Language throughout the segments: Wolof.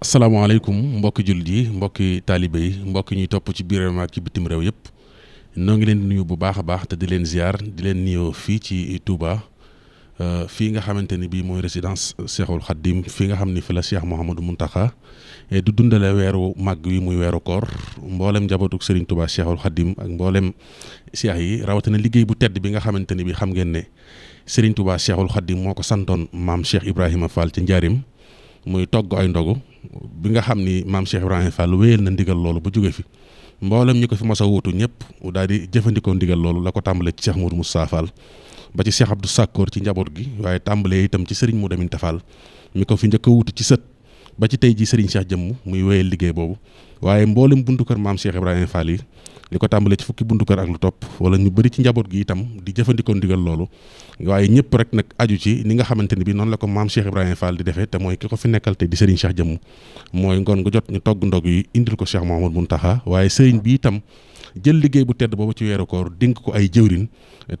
asalaamaaleykum mbokki jullit yi mbokki taalibe yi mbokki ñuy topp ci biir ak ci bitim réew yépp noo ngi leen di nuyu bu baax a baax te di leen ziar di leen nuyoo ci tuuba Euh, fii nga xamante ni bii mooy résidence Cheikhul Khadim fii nga xam ni fi la Cheikh Mouhamadou Mountakha du dundale weeru màgg wi muy weeru koor mboolem njabootug Serigne Touba Cheikhul Khadim ak mboolem cheikh yi rawatina liggéey bu tedd bi nga xamante ni bii xam ngeen ne Serigne Touba Cheikhul Khadim moo ko santoon maam Cheikh Ibrahima Fall ci njaarim muy togg ay ndogu bi nga xam ni maam Cheikh Ibrahima Fall wéyal na ndigal loolu ba jóge fi. mboolem ñi ko fi mos a wuutu ñëpp daal di jëfandikoo ndigal loolu la ko tàmbalee ci Cheikh Mourou Moussa Fall ba ci Cheikh Abdou Sakkoor ci njaboot gi waaye tàmbalee itam ci Serigne Modou Aminta Fall mi ko fi njëkk a wutu ci sët ba ci tey ji sëriñ Cheikh jëmm muy wéyal liggéey boobu waaye mboolem buntu kër maam Cheikh Ibrahima Fall yi li ko tàmbalee ci fukki buntu kër ak lu topp wala ñu bëri ci njaboot gi itam di jëfandikoo ndigal loolu waaye ñëpp rek nag aju ci ni nga xamante ni bi noonu la ko maam Cheikh Ibrahima Fall di defee te mooy ki ko fi nekkal te di Serigne Cheikh jëmm mooy ngoon nga jot togg ndog yi indil ko Cheikh Mahamadou Muntaha waaye Serigne bi itam jël liggéey bu tedd boobu ci weeru koor dénk ko ay jëwrin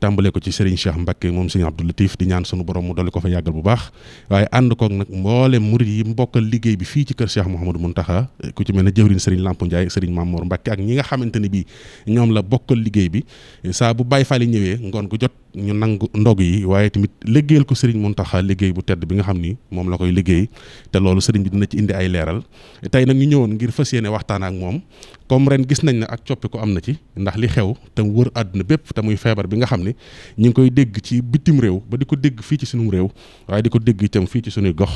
tàmbale ko ci Serigne Cheikh Mbacke moom Serigne Abdou Latif di ñaan sunu borom mu dolli ko fa yàggal bu baax waaye ànd koog nag mboolem murid yi mbokkal liggéey bi fii ci kër Cheikh Mouhamadou Mountakha ku ci mel ne jëwrin Serigne Lampo Ndiaye Serigne Mamour Mbacke ak ñi nga xamante ne bii ñoom la bokkal liggéey bi saa bu Baye Fall ñëwee ngoon gu jot ñu nangu ndog yi waaye tamit liggéeyal ko sëriñ Muntaxa liggéey bu tedd bi nga xam ni moom la koy liggéey te loolu sëriñ bi dina ci indi ay leeral tey nag ñu ñëwoon ngir fas yéene waxtaan ak moom comme ren gis nañ ne ak coppi am na ci ndax li xew te wër àdduna bépp te muy feebar bi nga xam ni ñu ngi koy dégg ci bitim réew ba di ko dégg fii ci sunum réew waaye di ko dégg itam fii ci sunuy gox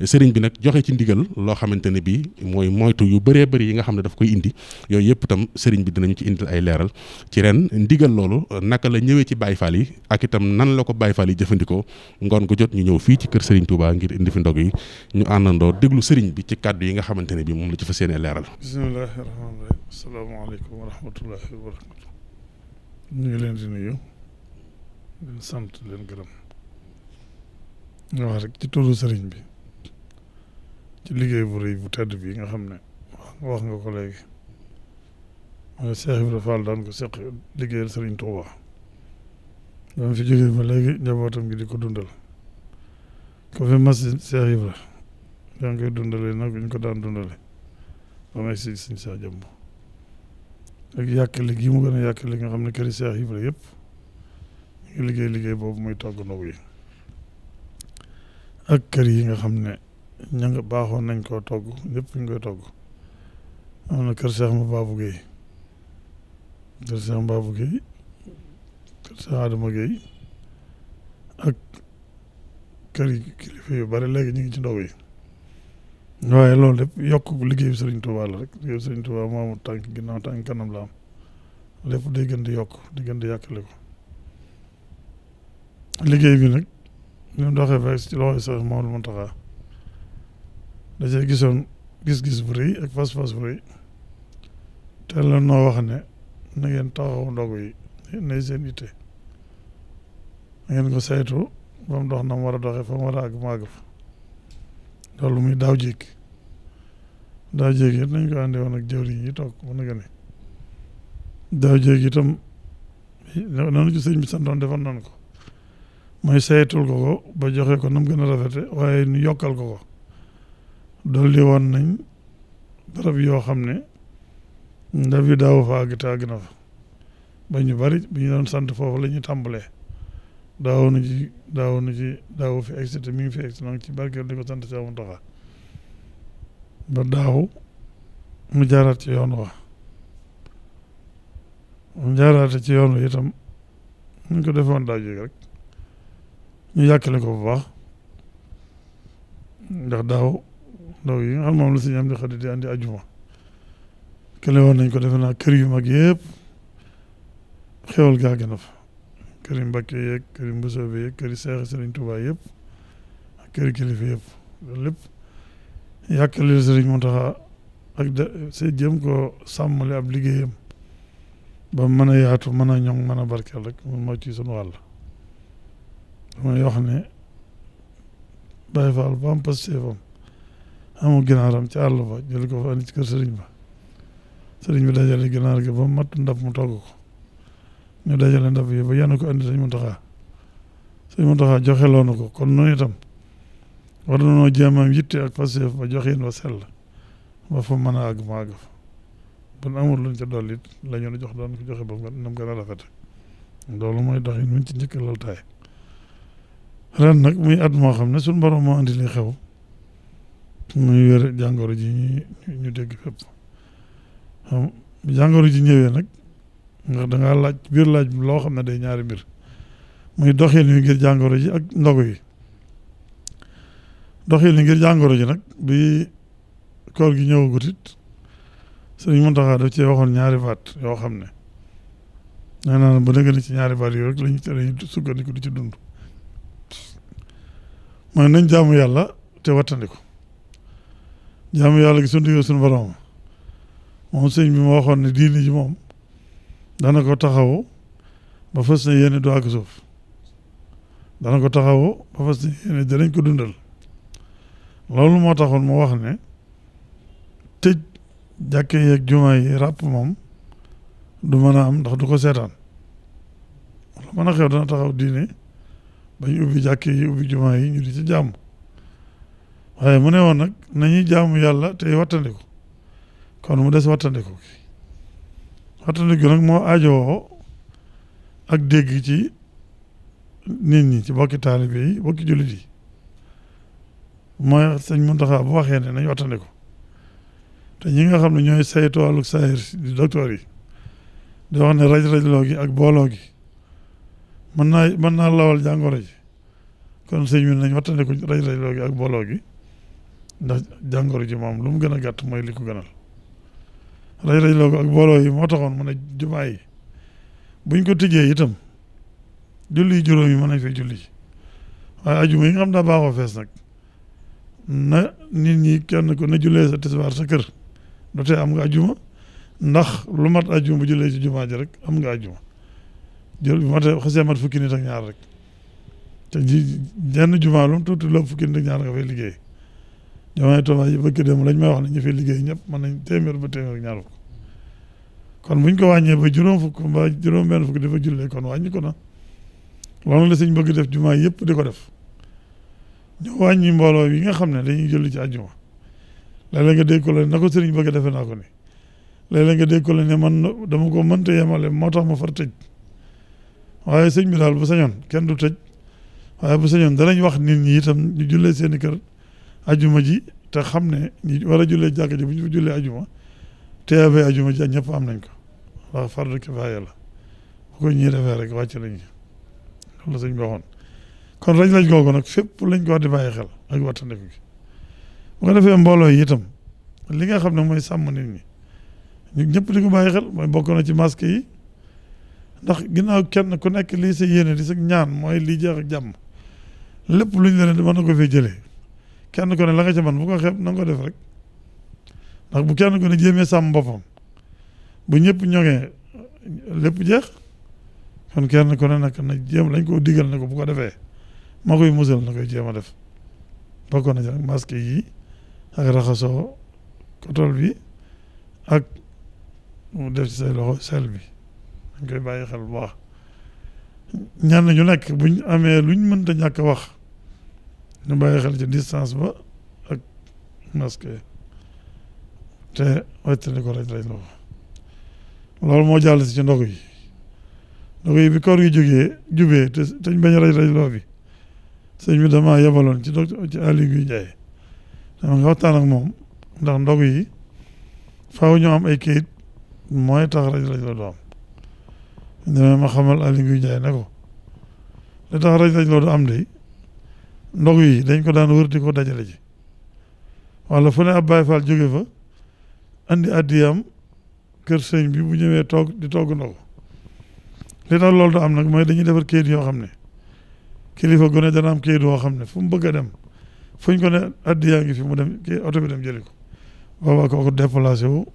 sëriñ bi nag joxe ci ndigal loo xamante ne bii mooy moytu yu bëree bëri yi nga xam ne daf koy indi yooyu yëpp itam sëriñ bi dinañu ci indil ay leeral ci ren ndigal loolu naka la ñëwee ci Baay Faal yi ak itam nan la ko Baye Fall yi jëfandikoo ngoon ko jot ñu ñëw fii ci kër Serigne Touba ngir indi fi ndog yi ñu àndandoo déglu sëriñ bi ci kàddu yi nga xamante ne bi moom la ci fa seenee leeral. bismillaahi rahmaani rahiim asalaamaaleykum wa rahmatullaahi wa barakaatu. ñu leen gërëm nga wax rek ci turu sëriñ bi ci liggéey bu rëy bu tedd bi nga xam ne wax nga ko léegi mooy Cheikh Ibrahima Fall daan ko seq liggéeyal Serigne Touba. dama fi jógee ba léegi njabootam gi di ko dundal ko fi mas Cheikh Ibra yaa ngi koy dundalee nag ñu ko daan dundale ba may si suñ saa jëmm ak yàkkali gi mu gën a yàkkali nga xam ne këri Cheikh Ibra yëpp ñu ngi liggéey liggéey boobu muy togg ndogu ak kër yi nga xam ne ña nga baaxoon nañ koo togg ñëpp ñu koy togg am na kër Cheikh Mbabou Guèye kër Cheikh Mbabou Guèye Sëñ Adama Gueye ak kër yi bari léegi ñu ngi ci ndogu yi waaye loolu lépp yokk liggéeyu Serigne Touba la rek liggéeyu Serigne Touba moo amul tànk ginnaaw tànk kanam la lépp day gën di yokk di gën di yàqale ko liggéey bi nag ni mu doxee ba ci loxoy sax Maodo Mountakha da cee gisoon gis-gis bu rëy ak fas-fas bu rëy teel la noo wax ne na ngeen taxaw ndogu yi. nay seen yitte ngeen ko saytu ba mu dox na mu war a doxee fa mu war a ag mu àgg fa loolu muy daaw jéeg daaw jéeg it nañ ko àndee woon ak jawriñ yi toog mën na gën daaw jéeg itam noonu ko mooy saytul ko ba joxe ko nam gën a rafete waaye ñu yokkal ko ko dolli woon nañ barab yoo xam ne ndaw yi daaw fa àgg te àgg na fa ba ñu bari bi ñu doon sant foofu la ñu tàmbalee daawoon na ci daawoon na ci daawu fi excité mi ngi fi excité donc ci barkeel di ko sant ci amu taxa ba daaw mu jaaraat ci yoon wa mu jaaraate ci yoon wa itam mu ko defoon daaw jéeg rek ñu yàkkale ko bu baax ndax daaw ndaw yi nga xam moom la si ñam di xadi di andi ajuma kële woon nañ ko defe naa kër yu mag yëpp xéwal gaa gën a fa këri Mbàkke yeeg këri Mbusoobe yeeg këri Seex Sëriñ Tuubaa yëpp ak këri kilifa yëpp loolu lépp yàkkalil Sëriñ Muntaxa ak de jëm ko sàmmale ab liggéeyam ba mën a yaatu mën a ñoŋ mën a barkeel rek mun moo ci sunu wàll damay wax ne Baay Faal ba am pasteefam amul ginaaram ci àll ba jëli ko fa andi ci kër sëriñ ba sëriñ bi dajale ginaar gi ba mat ndab mu togg ko ñu dajale ndab yi ba yanu ko andi sëñ Muntaxa sëñ Muntaxa joxe loonu ko kon noonu itam war nañoo jéemaam yitte ak passeef ba joxe yéen ba sell ba fa mën a àgg ma àgg fa bu nu amul luñ ca dolli it la jox doon ko joxe ba mu nam gën a rafet loolu mooy dox mu ci njëkk lal taay ren nag muy at moo xam ne suñ borom moo andi li xew muy wér jàngoro ji ñu ñu dégg fépp jàngoro ji ñëwee nag ndax dangaa laaj biir laaj loo xam ne day ñaari mbir muy doxin wi ngir jàngoro ji ak ndogu yi doxin wi ngir jàngoro ji nag bi kor gi ñëwagut it sëriñ Muntaxa daf cee waxoon ñaari baat yoo xam ne nee naa ba dëgg na ci ñaari baat yoo rek lañu sukkandiku di ci dund mooy nañ jaamu yàlla te wattandiku jaamu yàlla gi suñu diggee suñu borom moom sëñ bi ma waxoon diini ji moom dana ko taxawu ba fas ne yéene du àgg suuf dana ko taxawu ba fas ne yéene danañ ko dundal loolu moo taxoon mu wax ne tëj jàkke yeeg jumaa yi ràpp moom du mën a am ndax du ko seetaan lu mën a xew dana taxaw diine ba ñu ubbi jàkke yi ubbi jumaa yi ñu di ci jàmm waaye mu ne woon nag nañuy jaamu yàlla tey wattandiku kon mu des wattandiku ki wattandiku nag moo ajoo ak dégg ci nit ñi ci bokki taalibe yi bokki jullit yi mooy sëñ Muntaxa bu waxee ne nañ wattandiku te ñi nga xam ne ñooy saytu wàllu saayir di docteur yi di wax ne raj-rajloo gi ak booloo gi mën naa mën naa lawal jàngoro ji kon sëñ bi nañ wattandiku raj-rajloo gi ak booloo gi ndax jàngoro ji moom lu mu gën a gàtt mooy li ko gënal raj-raj loo ko ak booloo yi moo taxoon mu ne jumaa yi buñ ko tijjee itam julli juróom yi mën a fay julli waaye ajuma yi nga xam daa baaxoo fees nag na nit ñi kenn ko na jullee sa tisbaar sa kër du am nga ajuma ndax lu mat ajuma bu jullee si jumaa ji rek am nga ajuma jël bu matee xasee mat fukki nit ak ñaar rek te ji jenn jumaa lu mu loo fukki nit ak ñaar nga fay liggéey jamono Tuubaa yi bëgg dem lañ may wax ne ñu fi liggéey ñëpp mën nañ téeméer ba téeméer ñaar fukk kon buñ ko wàññee ba juróom fukk mbaa juróom benn fukk dafa jullee kon wàññi ko na sëñ bëgg def jumaa yëpp di ko def wàññi mbooloo yi nga xam ne dañuy julli ci àjjuma léeg-léeg nga dégg ko la na ko sëriñ bëgg defee nga dégg ko la ne man dama ko mënta yemale moo tax ma far tëj waaye sëñ bi daal bu sañoon kenn du tëj waaye bu sañoon danañ wax nit ñi itam ñu jullee seeni kër ajuma ji te xam ne ñi war a jullee jàkka ji bu ñu jullee ajuma teew ba ajuma ji ak ñëpp am nañ ko ndax fardu kifaaya la bu ko ñuy defee rek wàcc lañu loolu la suñ ko waxoon kon raj lañ googu nag fépp lañ ko wax di bàyyi xel ak wattandiku gi bu ko defee mbooloo yi itam li nga xam ne mooy sàmm nit ñi ñu ñëpp di ko bàyyi xel mooy bokk na ci masque yi ndax ginnaaw kenn ku nekk lii sa yéene di sa ñaan mooy lii jeex jàmm lépp luñ leen di mën na ko fee jëlee kenn ku ne la nga ca man bu ko xeeb na nga ko def rek ndax bu kenn ku ne jéemee sàmm boppam bu ñëpp ñogee lépp jeex kon kenn ku ne nag jéem lañ koo digal ne ko bu ko defee ma koy musal na koy jéem a def bokkoon na ci nag masque yi ak raxasoo kotol bi ak mu def ci say loxo sel bi dañ koy bàyyi xel bu baax ñaan ñu nekk buñ amee luñ mënta ñàkk wax nu bàyyi xel ci distance ba ak masque te wàccali ko raj raj loxo loolu moo jàll si ci ndogu yi ndogu bi koor gi jógee jubee te teñ bañ raj raj loxo bi sëñ bi dama yebaloon ci docteur ci Aliou Guèye Ndiaye dama nga waxtaan moom ndax ndogu yi faaw ñu am ay kayit mooy tax raj raj loo du am dama ne ko li tax raj ndogu yi dañ ko daan wër di ko dajale ji wala fu ne ab Baay Faal jóge fa andi addiyam kër sëñ bi bu ñëwee toog di togg ndogu li tax loolu du am nag mooy dañuy defar kayit yoo xam ne kilifa gone dana am kayit yoo xam ne fu mu bëgg a dem fu ko ne addiyaa ngi fi mu dem kii oto bi dem jëli ko boobaa kooku déplacé wu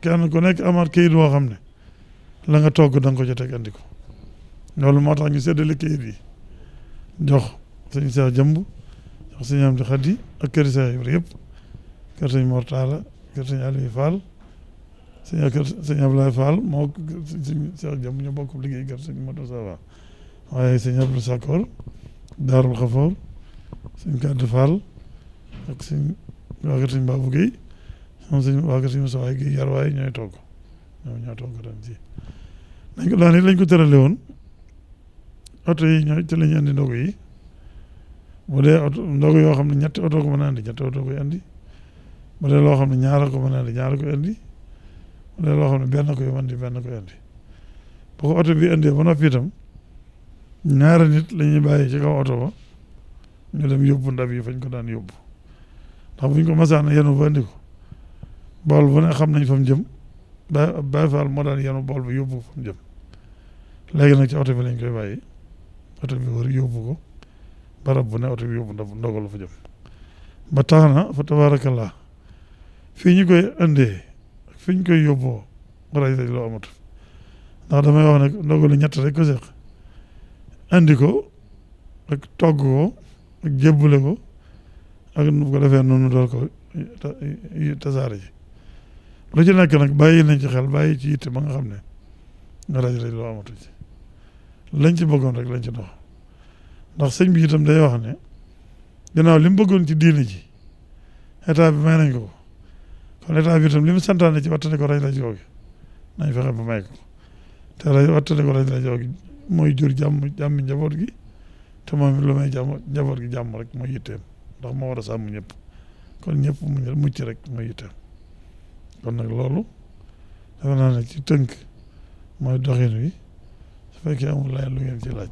kenn ku nekk amaat kayit yoo xam ne la nga togg dang ko jotee andi ko loolu moo tax ñu séddale kayit yi jox sëñ Isaa Jëmb jox sëñ Amdi Xadi ak kër Isaa Ibra yëpp kër sëñ Mor Talla kër sëñ Aliou Fall sëñ kër sëñ Ablaye Fall moo sëñ Isaa Jëmb ñu bokk waaye sëñ Abdou Sakor Daarul Xafoor sëñ Kàddu Fall ak sëñ waa kër sëñ Babou Guèye moom sëñ ñooy togg ñoom ñoo togg ren oto yi ñoo te la ñu andi ndogu yi bu dee oto ndogu yoo xam ne ñetti oto ko mën a andi ñetti oto koy andi bu dee loo xam ne ñaara ko mën a andi ñaara koy andi bu dee loo xam ne benn koy andi benn koy ko oto bi andee ba noppi itam ñaara nit la ñuy bàyyi ci kaw oto ba ñu dem yóbbu ndab yi fañ ko daan yóbbu ndax buñ ko masaan yenu ba andi ko bool bu ne xam nañ fa mu jëm ba Baay Faal moo yenu bool bu yóbbu fa jëm léegi nag ci oto bi lañ koy bàyyi oto bi war yóbbu ko barab bu ne oto bi yóbbu ndogal la fa jëm ba tax na fa tabaarakallaa fii ñu koy andee fi ñu koy yóbboo raj raj loo amatu ndax damay wax ne ndogalu ñett rek ko seq andi ko ak togg ko ak ko ak nu ko defee noonu door ko tasaare ji lu ci nekk nag bàyyi ci xel bàyyi ci yitte ba nga xam ne raj raj loo amatu ci lañ ci bëggoon rek lañ ci dox ndax sëñ bi itam day wax ne ginnaaw li mu bëggoon ci diine ji état bi may nañ ko kon état bi itam li mu santaane ci wattane ko raj la joogi nañ fexe ba may ko te raj wattane ko raj la joogi mooy jur jàmm jàmmi njaboot gi te moom lu may jàmm njaboot gi jàmm rek mooy yitteem ndax moo war a sàmm ñëpp kon ñëpp mu mucc rek mooy yitteem kon nag loolu dafa ci tënk mooy doxin wi fekkee amul leneen lu ngeen ci laaj.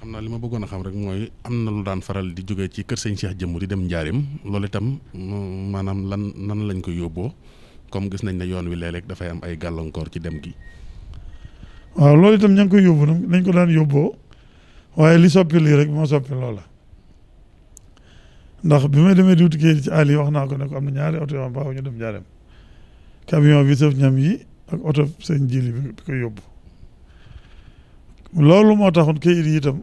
xam naa li ma bëggoon a xam rek mooy am na lu daan faral di jóge ci kër sëñ Cheikh Jëmb di dem Njaarim loolu itam maanaam lan nan lañ koy yóbboo comme gis nañ ne yoon wi léeg-léeg dafay am ay gàllankoor ci dem gi. waaw loolu itam ña ngi koy yóbbu nañ ko daan yóbboo waaye li soppi lii rek moo soppi loola ndax bi may demee di wuti kayit ci àll yi wax naa ko ne ko am na ñaari oto yoo xam baaxu ñu dem Njaarim camion bi sëf ñam yi ak oto sëñ yóbbu loolu moo taxoon kayit yi itam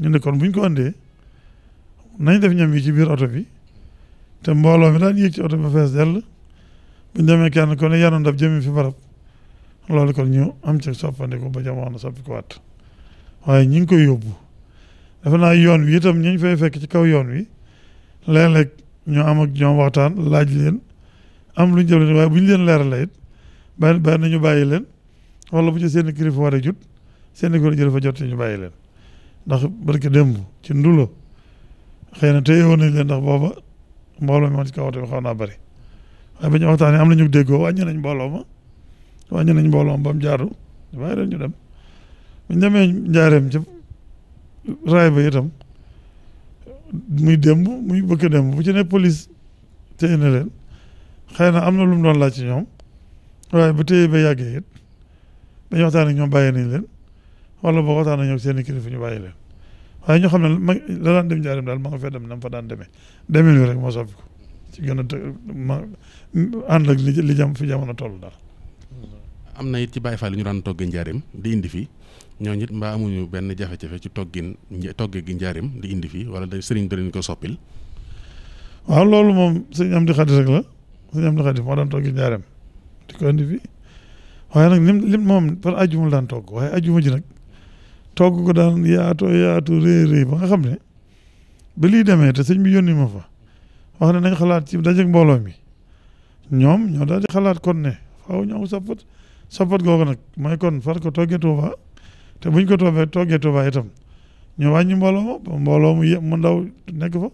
ñu ne kon buñ ko andee nañ def ñam yi ci biir oto bi te mbooloo mi daan yéeg ci oto bi fees dell buñ demee kenn ko ne yanoon daf jëmi fi barab loolu kon ñu am ci soppandiku ba jamono soppi ko waat waaye ñi ngi koy yóbbu dafa naa yoon wi itam ñu fay fekk ci kaw yoon wi léeg-léeg ñu am ak ñoom waxtaan laaj leen am luñ jëloon waaye bu ñu leen leeralee it bàyyi nañu bàyyi leen wala bu ci seen kilifa war a jut seen i kuréel fa jot ñu bàyyi leen ndax barke démb ci ndulo xëy na téye woon nañ leen ndax booba mbooloo mi ci kaw oto bi naa bëri waaye ba ñu waxtaanee am na ñu déggoo wàññi nañ mbooloo ma nañ mbooloo ma ba mu jaaru ñu bàyyi itam muy muy bëkk démb bu ci ne police téye na leen xëy na am na lu doon laa ci ñoom waaye bu téye ba yàggee it ba ñu waxtaan ak ñoom bàyyi nañ leen wala boo waxtaan nañu ak seen kilifa ñu bàyyi leen waaye ñu xam ne ma la daan dem njaarim daal ma nga fee dem nam fa daan demee demin rek moo soppi ko ci gën a ma ànd ak li jam fi jamono toll daal am na it ci Baye Fall yi ñu daan toggee njaarim di indi fi ñooñu it mbaa amuñu benn jafe-jafe ci toggin toggee gi njaarim di indi fii wala da sëriñ da ko soppil waaw loolu moom sëñ am di xadis rek la sëñ am di xadis moo daan toggee njaarim di ko indi fii waaye nag lim lim moom par ajjuma daan togg waaye ajjuma ji nag togg ko daan yaatoo yaatu rëy rëy ba nga xam ne ba lii demee te sëñ bi yónni ma fa wax ne nañ xalaat ci dajeeg mbooloo mi ñoom ñoo daal xalaat kon ne faaw ñu am sappat sappat googu nag mooy kon far ko toggee Tuuba te buñ ko toobee toggee Tuuba itam ñu wàññi mbooloo ma ba mbooloo mu yë mu ndaw nekk fa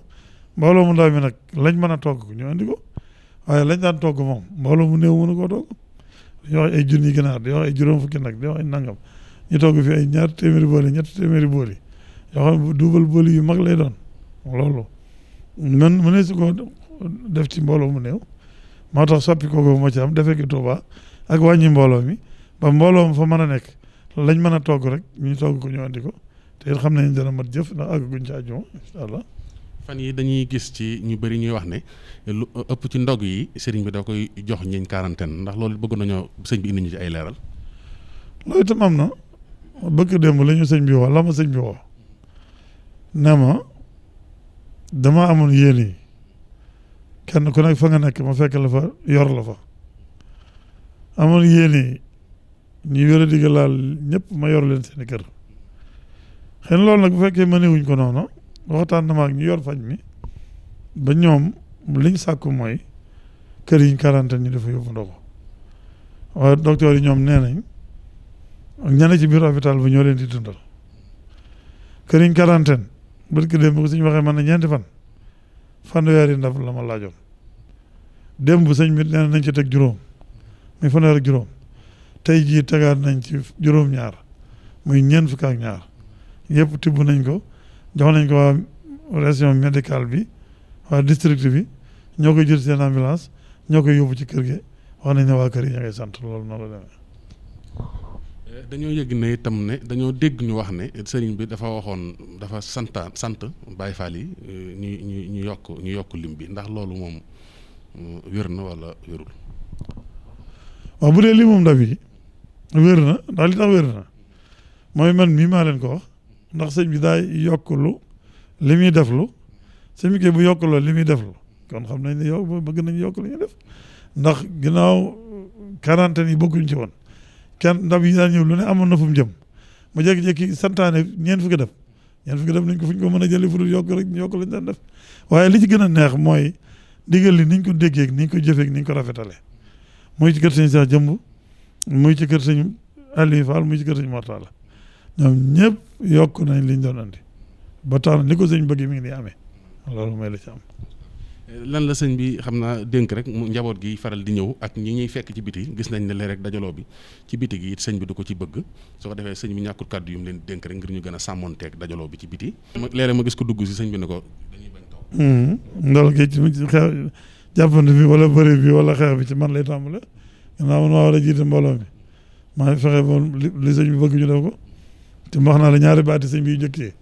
mbooloo mu ndaw mi nag lañ mën a togg ñu andi ko waaye lañ daan togg moom mbooloo mu néew mënu koo togg dañoo wax ay junni ginaar dañoo wax ay juróom fukki nag dañoo nangam ñu togg fi ay ñaar téeméeri booli ñett téeméeri booli yoo xam ne duubal booli yu mag lay doon loolu mën mu ne su ko def ci mbooloo mu néew moo tax soppi kooku moo ci am defee ki Tuuba ak wàññi mbooloo mi ba mbooloo mi fa mën a nekk lañ mën a togg rek ñu togg ko ñu ko te xam nañ dana mat jëf ndax àgguñ ci àjjuma incha allah. fan yi dañuy gis ci ñu bari ñuy wax ne lu ëpp ci ndog yi sëriñ bi da koy jox ñiñ quarantaine ndax loolu bëgg nañoo sëñ bi indi ci ay leeral. am na bëkk démb la sëñ bi wax la sëñ bi wax ne ma dama amoon yéen yi kenn ku nekk fa nga nekk ma fekk la yor la fa amoon yéen yi ñu wér a laal ñëpp ma yor leen seen kër xëy na loolu nag bu fekkee mënewuñ ko noonu waxtaan na ma ak yor faj mi ba ñoom liñ sàkku mooy kër yiñ quarantaine ñu dafa yóbbu ndox waaye docteur yi ñoom nee nañ ak ñane ci biir hôpital bi ñoo leen di dundal këriñ quarantaine barki démb bu suñ waxee man na ñeenti fan fanweeri ndab la ma laajoon démb bu sëñ bi nee nañ ci teg juróom muy fanweer juróom tey jii tegaat nañ ci juróom-ñaar muy ñeent fukk ñaar yëpp tibb nañ ko jox nañ ko waa région médicale bi waa district bi ñoo koy jël seen ambulance ñoo koy yóbbu ci kër gi wax nañ ne waa kër yi ña sant loolu noonu la demee dañoo yëg ne itam ne dañoo dégg ñu wax ne sëriñ bi dafa waxoon dafa santaan sant Baay Faal yi euh, ñu ñu ñu yokk ñu yokk lim bi ndax loolu moom euh, wér na wala wérul waaw bu dee li moom daf yi wér na ndax li tax wér na mooy man mii maa leen ko wax ndax sëñ bi daay yokkulu li muy def lu sëñ bu yokkuloo li muy def lu kon xam nañ ne yow bëgg nañ yokk li ñuy def ndax ginnaaw quarantaine yi bokkuñ ci woon kenn ndab yi daan ñëw lu ne amoon na fu mu jëm mu jékki-jékki santaane ñeent fukki def ñeent fukki def nañ ko fu ñu ko mën a jëlee fu dul yokk rek yokk lañ daan waaye li ci gën a neex mooy digal li niñ ko déggee niñ ko jëfee niñ ko rafetale muy ci kër sëñ Cheikh Jëmb muy ci kër sëñ Aliou Fall muy ci kër sëñ Mortala ñoom ñëpp yokk nañ liñ doon andi ba tax ni ko sëñ bëgg mi ngi nii amee loolu mooy la ci am lan la señ bi xam naa dénk rek mu njaboot gi faral di ñëw ak ñi ñuy fekk ci biti gis nañ ne lee rek dajaloo bi ci biti gi it sëñ bi du ko ci bëgg soo ko sëñ bi ñàkkul kàddu yu mu leen dénk rek ngir ñu gën a sàmmonteeg dajaloo bi ci biti léeg-léeg ma gis ko dugg si sëñ bi ne ko dañuy bañ taw hmm. ndool gi ci xeex jàppante bi wala bëri bi wala xeex bi ci man lay tàmbale gannaaw man maa war a jiite mbooloo mi maa fexe moom li sëñ bi bëgg ñu def ko te wax naa la ñaari baati sëñ bi njëkkee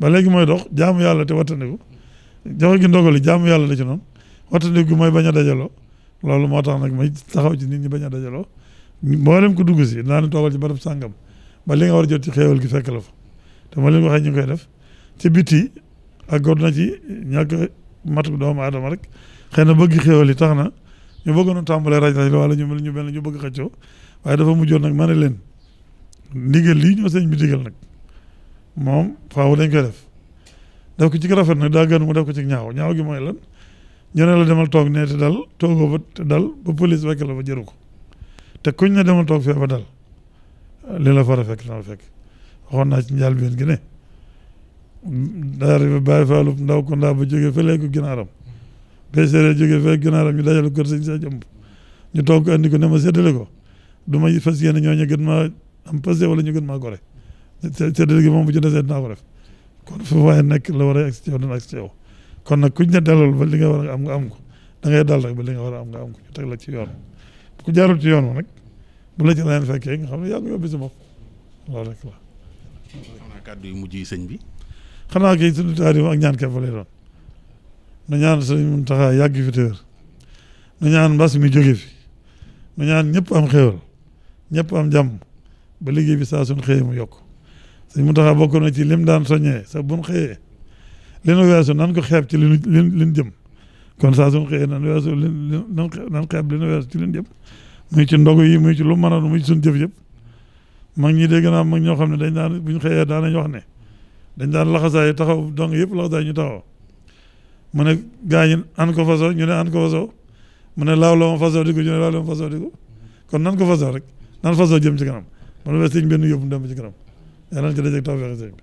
ba léegi mooy dox jaamu yàlla te wattandiku joxe gi ndogali jaamu yàlla la ci noonu wattandiku mooy bañ a dajaloo loolu moo tax nag may taxaw ci nit ñi bañ a dajaloo mboolem ko dugg si naa ne toogal ci barab sàngam ba li nga war a jot ci xéewal gi fekk la fa te ma leen waxee ñu ngi koy def ci biti ak góor na ci ñàkk matu doomu aadama rek xëy na bëgg xéewal yi tax na ñu bëggoon tàmbalee raj raj la ñu mel ñu benn ñu bëgg xëccoo waaye dafa mujjoon nag ma ne leen ndigal lii ñoo sëñ bi digal nag moom faaw dañ koy def def ko ci rafet na daa gën mu def ko ci ñaaw ñaaw gi mooy lan ñu ne la demal toog nee te dal toogoo ba te dal ba police fekk la ko te kuñ ne demal toog fee ba dal li la fara fekk dana fekk waxoon naa ci njaal biin gi ne daari ba bàyyi faalu ndaw ko ndaa ba jógee fële ko ginaaram béséere ñu dajal ko sa jëmb ñu toog ko andi ma séddale ko du ma fas yéene ñoo ñu gën ma am passé wala ñu gën maa gore séddale gi moom bu ci desee dinaa ko def kon fu waaye nekk la war a agsi ci yow dana agsi ci yow kon nag kuñ ne dalal ba li nga am nga am ko da ngay dal rek ba li am nga am ko ñu teg la ci yoon ku jaarul ci yoon nag bu la ci leneen fekkee nga xam ne yaa sa bopp loolu rek la. yi sëñ ñaan képp lay na ñaan sëñ Muntaxa yàgg mbas mi jóge fi na ñaan ñëpp am xéwal ñëpp am jàmm ba liggéey bi saa suñ xëyee mu yokk. sëñ Mountakha bokk na ci lim daan soññee sa buñ xëyee li nu weesu nan ko xeeb ci li nu jëm kon saa xëyee nan weesu li nan xeeb li nu weesu ci yi muy ci lu mën a muy ci suñ jëf yëpp mag ñi dégg naa mag ñoo xam ne dañ daan buñ xëyee daan nañ wax ne dañ daan laxasaay taxaw donc yëpp laxasaay ñu taxaw mu ne gaa ñi an faso ñu ne an ko faso mu ne laaw la ma faso di ko ñu ne laaw la ma faso di kon nan ko faso rek nan faso jëm ci kanam man wees sëñ benn yóbbu dem ci kanam yàlla na ci dajeeg tawfeex sëriñ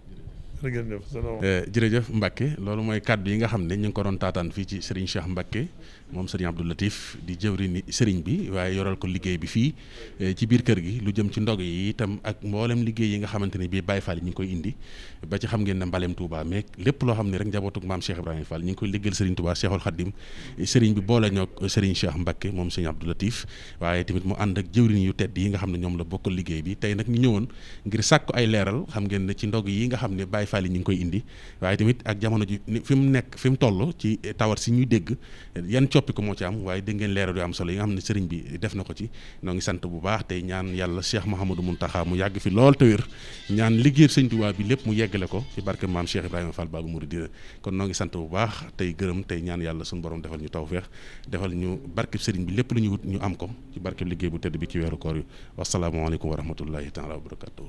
jërëjëf eh, Mbacke loolu mooy kàddu yi nga xam ne ñu ngi ko doon taataan fii ci Serigne Cheikh Mbacke moom Serigne Abdou Latif di jëwriñu Serigne bi waaye yoral ko liggéey bi fii eh, ci biir kër gi lu jëm ci ndog yi itam ak mboolem liggéey yi nga xamante ne bii Baye Fall ñu indi ba xam ngeen ne Mbalem Touba lépp loo xam ne rek njabootug maam Cheikh Ibrahima Fall ñu ngi koy liggéeyal Serigne Touba Cheikhul Khadim Serigne bi boole ñoog Serigne Cheikh Mbacke moom Serigne waaye tamit mu ànd ak jëwriñ yu tedd yi nga xam ne ñoom la bokk liggéey bi tey nag ñu ñëwoon ngir sàkku ay leeral xam ngeen ne ci ndog yi nga xam ne Baye Fall yi ñu ngi koy indi waaye tamit ak jamono ji fi mu nekk fi mu toll ci tawat si ñuy dégg yan coppi moo ci am waaye dégg ngeen leeral yu am solo yi nga xam ne sëriñ bi def na ko ci noo ngi sant bu baax tey ñaan yàlla Cheikh Mouhamadou Mountakha mu yàgg fi lool te wér ñaan liggéey sëñ Tuubaa bi lépp mu yeggale ko ci barke maam Cheikh Ibrahima Fall Babu Mouridina kon noo ngi sant bu baax tey gërëm tey ñaan yàlla suñu borom defal ñu tawfeex defal ñu barkeb sëriñ bi lépp lu ñu wut ñu am ko ci barkeb liggéey bu tedd bi ci weeru koor yi wasalaamaaleykum wa rahmatullahi taala wa barakatuh